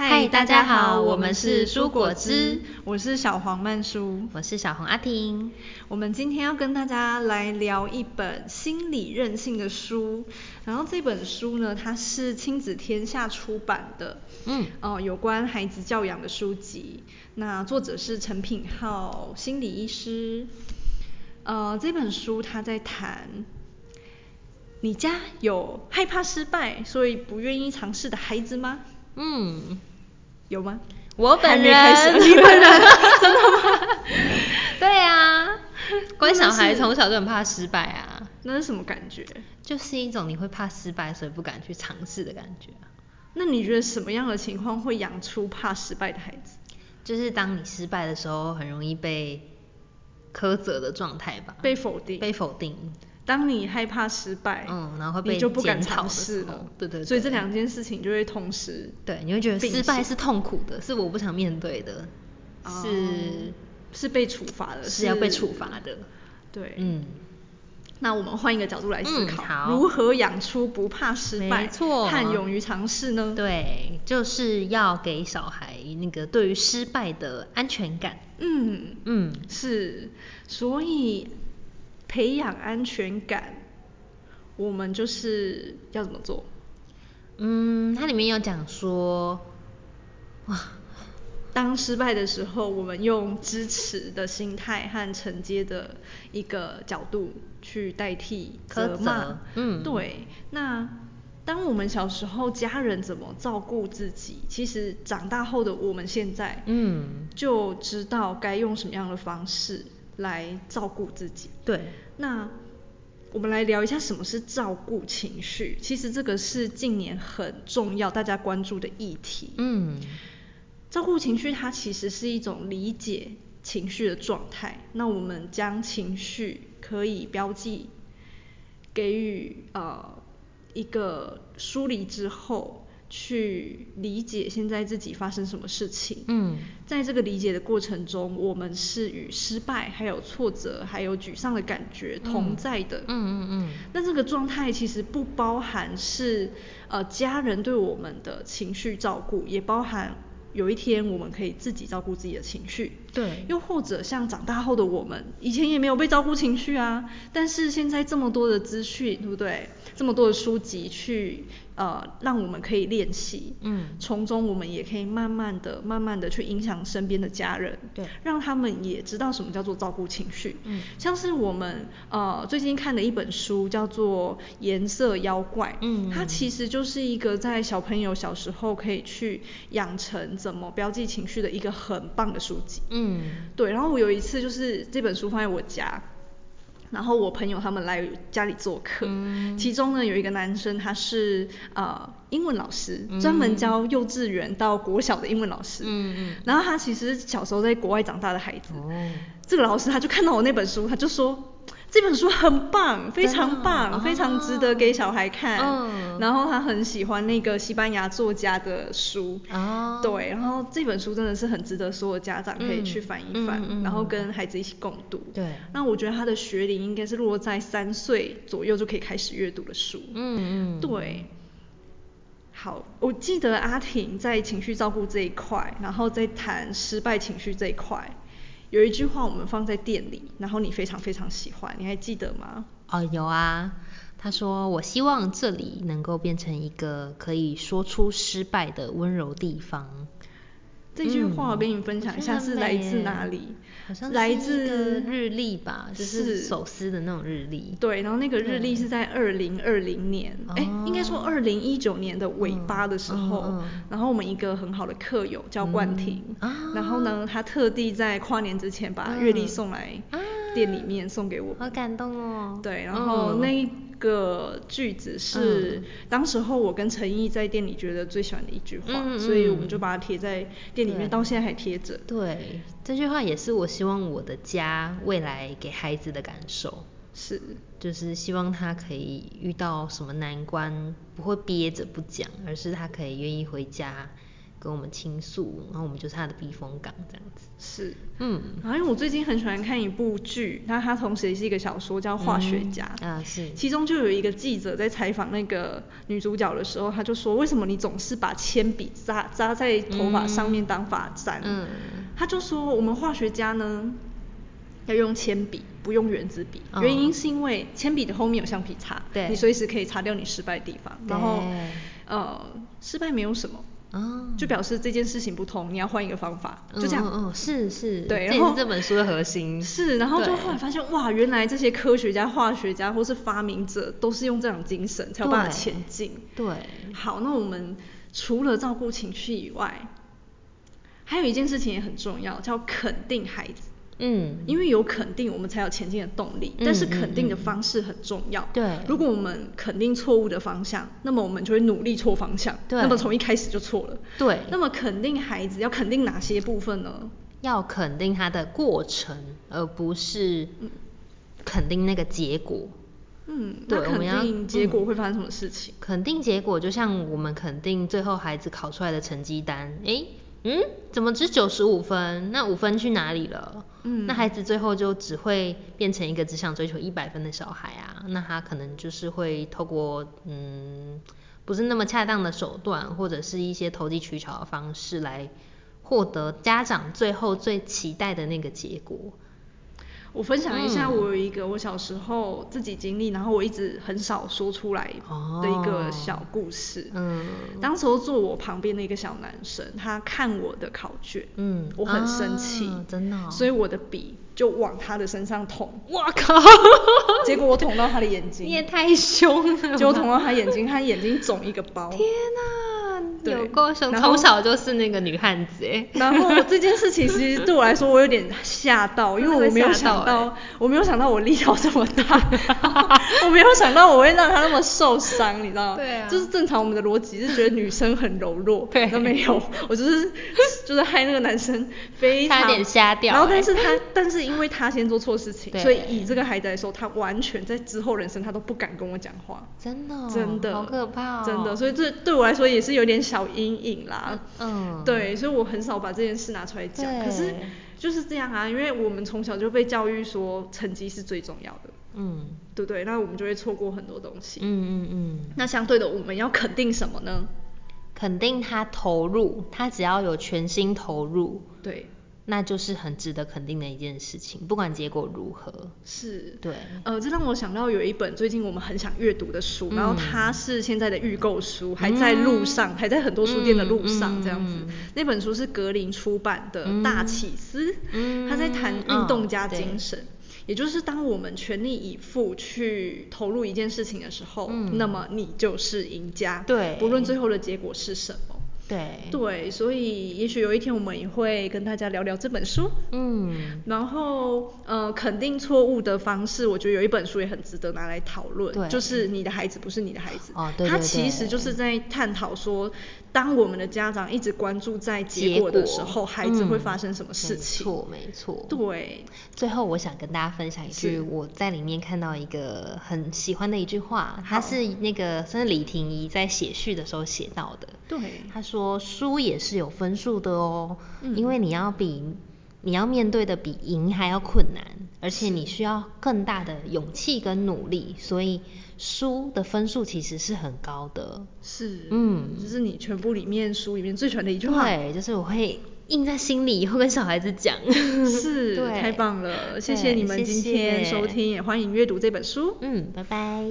嗨，Hi, 大家好，我們是蔬果汁，我是小黃曼舒，我是小紅阿婷。我們今天要跟大家來聊一本心理韌性的書，然後這本書呢，它是親子天下出版的，嗯、哦、呃，有關孩子教養的書籍。那作者是陳品皓心理醫師，呃，這本書他在談，你家有害怕失敗，所以不願意嘗試的孩子嗎？嗯，有嗎？我本人還是，你本人，對呀，乖小孩從小就很怕失敗啊。那是什麼感覺？就是一種你會怕失敗，所以不敢去嘗試的感覺啊。那你覺得什麼樣的情況會養出怕失敗的孩子？就是當你失敗的時候，很容易被苛責的狀態吧？被否定，被否定。當你害怕失敗，嗯，然後被你就不敢嘗試了，對對，所以這兩件事情就會同時，對，你會覺得失敗是痛苦的，是我不想面對的，是是被處罰的，是要被處罰的，對，嗯，那我們換一個角度來思考，如何養出不怕失敗，沒錯，和勇於嘗試呢？對，就是要給小孩那個對於失敗的安全感，嗯嗯，是，所以。培養安全感，我們就是要怎麼做？嗯，它裡面有講說，哇，當失敗的時候，我們用支持的心態和承接的一個角度去代替責罵。嗯，對。那當我們小時候家人怎麼照顧自己，其實長大後的我們現在，嗯，就知道該用什麼樣的方式。嗯來照顧自己。對，那我們來聊一下什麼是照顧情緒。其實這個是近年很重要大家關注的議題。嗯，照顧情緒它其實是一種理解情緒的狀態。那我們將情緒可以標記，給予呃一個梳理之後。去理解現在自己發生什麼事情。嗯，在這個理解的過程中，我們是與失敗、還有挫折、還有沮喪的感覺同在的。嗯嗯嗯。嗯嗯嗯，那這個狀態其實不包含是呃家人對我們的情緒照顧，也包含有一天我們可以自己照顧自己的情緒。對，又或者像長大後的我們，以前也沒有被照顧情緒啊，但是現在這麼多的資訊，對不對？這麼多的書籍去，呃，讓我們可以練習，嗯，從中我們也可以慢慢的、慢慢的去影響身邊的家人，對，讓他們也知道什麼叫做照顧情緒，嗯，像是我們呃最近看的一本書叫做《顏色妖怪》，嗯，它其實就是一個在小朋友小時候可以去養成怎麼標記情緒的一個很棒的書籍。嗯，對，然後我有一次就是這本書放在我家，然後我朋友他們來家裡做客，嗯、其中呢有一個男生他是呃英文老師，嗯、專門教幼稚園到國小的英文老師，嗯嗯，嗯然後他其實小時候在國外長大的孩子，哦、這個老師他就看到我那本書，他就說，這本書很棒，非常棒，啊、非常值得給小孩看。啊、然後他很喜歡那個西班牙作家的書。啊、對，然後這本書真的是很值得所有家長可以去翻一翻，嗯嗯嗯嗯、然後跟孩子一起共讀。對，那我覺得他的學齡應該是落在三歲左右就可以開始閱讀的書。嗯，嗯對。好，我記得阿婷在情緒照顧這一塊，然後在談失敗情緒這一塊。有一句話我們放在店裡，然後你非常非常喜歡，你還記得嗎？哦，有啊，他說：“我希望這裡能夠變成一個可以說出失敗的溫柔地方。”這句話我給你分享一下，是來自哪裡？來自日曆吧，就是手撕的那種日曆。對，然後那個日曆是在二零二零年，哎，應該說二零一九年的尾巴的時候，然後我們一個很好的客友叫冠廷，然後呢，他特地在跨年之前把日曆送來店裡面送給我。好感動哦。對，然後那一。個句子是，當時候我跟陳毅在店裡覺得最喜歡的一句話，嗯、所以我們就把它貼在店裡面，嗯、到現在還貼着。對，嗯、對，這句話也是我希望我的家未來給孩子的感受。是，就是希望他可以遇到什麼難關，不會憋着不講，而是他可以願意回家。跟我們傾訴，然後我們就是他的避風港這樣子。是，嗯。然後、啊、因為我最近很喜歡看一部劇，那它同時也是一個小說，叫《化學家》。嗯、啊。是。其中就有一個記者在採訪那個女主角的時候，他就說：“為什麼你總是把鉛筆扎扎在頭髮上面當髮簪、嗯？”嗯。他就說：“我們化學家呢，要用鉛筆，不用原子筆。嗯、原因是因為鉛筆的後面有橡皮擦，對你隨時可以擦掉你失敗的地方。然後，對呃，失敗沒有什麼。”哦，就表示這件事情不通，你要換一個方法，就這樣。哦、嗯嗯，是是。對，然後這，也是這本書的核心是，然後就後來發現，對哇，原來這些科學家、化學家或是發明者，都是用這種精神才有辦法前進。對。好，那我們除了照顧情緒以外，還有一件事情也很重要，叫肯定孩子。嗯，因為有肯定，我們才有前進的動力。嗯。但是肯定的方式很重要。對。如果我們肯定錯誤的方向，那麼我們就會努力錯方向。對。那麼從一開始就錯了。對。那麼肯定孩子要肯定哪些部分呢？要肯定他的過程，而不是肯定那個結果。嗯。對。我們要肯定結果會發生什麼事情？肯定結果，就像我們肯定最後孩子考出來的成績單，誒。嗯，怎麼只九十五分？那五分去哪裡了？嗯，那孩子最後就只會變成一個只想追求一百分的小孩啊。那他可能就是會透過嗯，不是那麼恰當的手段，或者是一些投機取巧的方式來獲得家長最後最期待的那個結果。我分享一下我有一個我小時候自己經歷，嗯、然後我一直很少說出來的一個小故事。哦、嗯，當時候坐我旁邊的一個小男生，他看我的考卷，嗯，我很生氣，真的、啊，所以我的筆就往他的身上捅，哇靠！結果我捅到他的眼睛， 你也太凶了，結果捅到他眼睛， 他眼睛腫一個包。天哪！有過，從小就是那個女漢子哎。然後這件事情其實對我來說，我有點嚇到，因為我沒有想到，我沒有想到我力道這麼大，我沒有想到我會讓他那麼受傷，你知道嗎？對啊。就是正常我們的邏輯是覺得女生很柔弱，對，都沒有，我就是就是害那個男生非常差點瞎掉。然後但是他，但是因為他先做錯事情，所以以這個孩子來說，他完全在之後人生他都不敢跟我講話。真的。真的。好可怕哦。真的，所以這對我來說也是有點。小陰影啦，嗯，對，所以我很少把這件事拿出來講。對，可是就是這樣啊，因為我們從小就被教育說成績是最重要的，嗯，對不對？那我們就會錯過很多東西。嗯嗯嗯。那相對的，我們要肯定什麼呢？肯定他投入，他只要有全心投入。對。那就是很值得肯定的一件事情，不管結果如何。是，對，呃，這讓我想到有一本最近我們很想閱讀的書，然後它是現在的預購書，還在路上，還在很多書店的路上這樣子。那本書是格林出版的《大起司》，他在談運動家精神，也就是當我們全力以赴去投入一件事情的時候，那麼你就是贏家，對，不論最後的結果是什麼。對對，所以也許有一天我們也會跟大家聊聊這本書。嗯，然後呃，肯定錯誤的方式，我覺得有一本書也很值得拿來討論，對就是《你的孩子不是你的孩子》嗯。哦，對。他其實就是在探討說，當我們的家長一直關注在結果的時候，果孩子會發生什麼事情？嗯、錯，沒錯。對。最後，我想跟大家分享一句，是我在裡面看到一個很喜歡的一句話，他好是那個，算是李婷宜在寫序的時候寫到的。對，他說。說輸也是有分數的哦、喔，嗯、因為你要比你要面對的比贏還要困難，而且你需要更大的勇氣跟努力，是所以輸的分數其實是很高的。是，嗯，就是你全部裡面書裡面最全的一句話，對，就是我會印在心裡，以後跟小孩子講。 是，對太棒了，謝謝你們今天收聽，謝謝也歡迎閱讀這本書。嗯，拜拜。